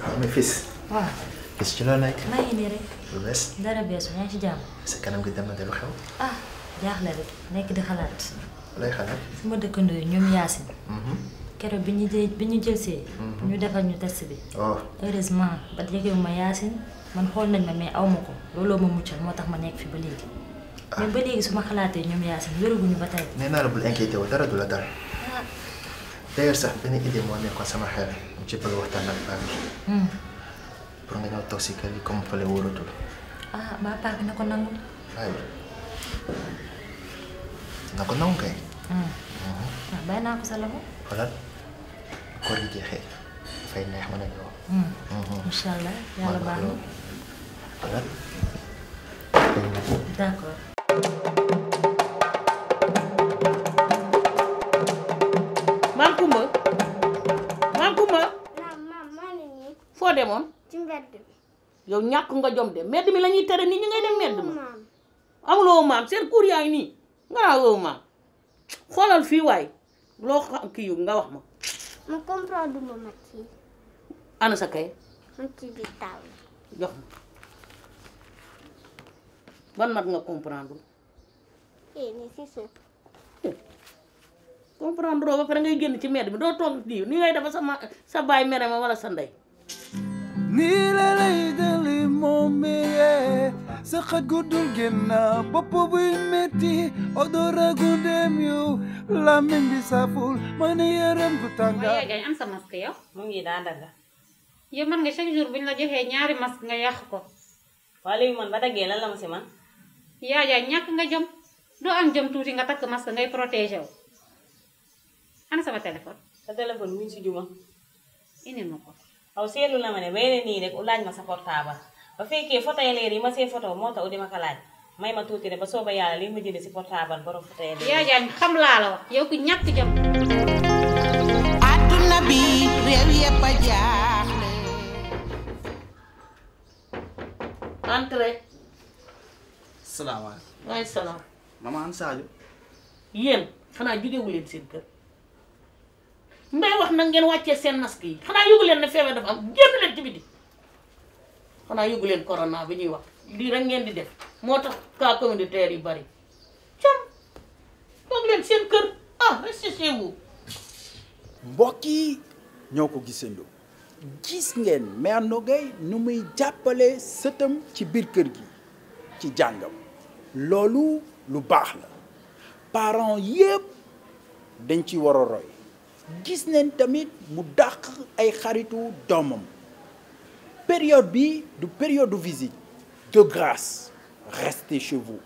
xam ne ci loo nekk. maa ngi nii rek. lu bees. dara beesu yaa ngi ci jàmm. sa kanam gi dem na de lu xew. ah jaaxle rek nekk di xalaat. lay xalaat. su ma dëkkandoo yi ñoom Yacine. Mm-hmm. keroog bi ñu jë bi ñu jëlsee. Mm-hmm. ñu defal ñu test bi. waaw oh. heureusement ba yëgewuma Yacine man xool nañ ma mais aw ma ko looloo ma muccal moo tax ma nekk fi ba léegi. Ah. mais ba léegi su ma xalaatee ñoom Yacine wéraguñu ba tey. nee naa la bul inquiété wu dara du la dal. te yar beni idi mo ne ko sama xele ci bëgg waxtaan ak hmm pour nga ñëw toog ah bapa, paa bi na ko nangu ay na ko hmm ah bay naa ko sa loxo xolal koor gi jeexee fay neex hmm Insyaallah, ya lebaran. Kalau kau. fo demone ci mbedd bi yow ñak nga jom dem mbedd mi lañuy téré ni nii ñu ngay dem mbedd ma amuloo maam seen cour yaay ni nga naa woo maam xoolal fii waay xam ki yu nga wax ma ma comprendre du ma ci ana sa kay ma ci bi taw jox ma ban mat nga comprendre e ni ci so eh. comprendre ba pare ngay génn ci mbedd mi doo toog di ni ngay dafa sa sa baay mere wala sa ndey Nilalaida limomie Sakat gudul gena Popo meti Odora gudem yu Lamin bisa full Mana yaram kutanga Maya gaya ang sama Mungkin Mungi ada. ga Ya man gaya shak jurbin lagi nyari mas ngayah ko Wali man bata gela lama sih man iya, Ya ya nyak nga jam Do ang jam tuti ngata ke mas proteja. protege Ana sama telepon Sa telepon min si Ini mau kok aw seetlu na ma ne weene nii rek u laaj ma sa portable ba fekkee photo yi leer yi ma see photo moo tax u di ma ko laaj may ma tuuti rek ba sooba yàlla li ma jëlee si portable borom photo yi leer. yaa jaan xam laa la wax yow ku ñàkk jom. adduna bi réew yëpp a jaaxle. kër. mbay wax na ngeen wacce sen masque yi xana yugul len ne dafa am genn len ci biti xana yugul len corona bi ñuy wax li rek ngeen di def motax ka communautaire yi bari cam toog len sen kër ah sisiwu. chez vous mbokki ñoko ñoo gis ngeen mère nogay nu muy jappalé sëtam ci bir kër gi ci jangam lolu lu bax la parents yépp dañ ci waro roy gis nañ tamit mu dàq ay période bi du période de visite de grâce restez chez vous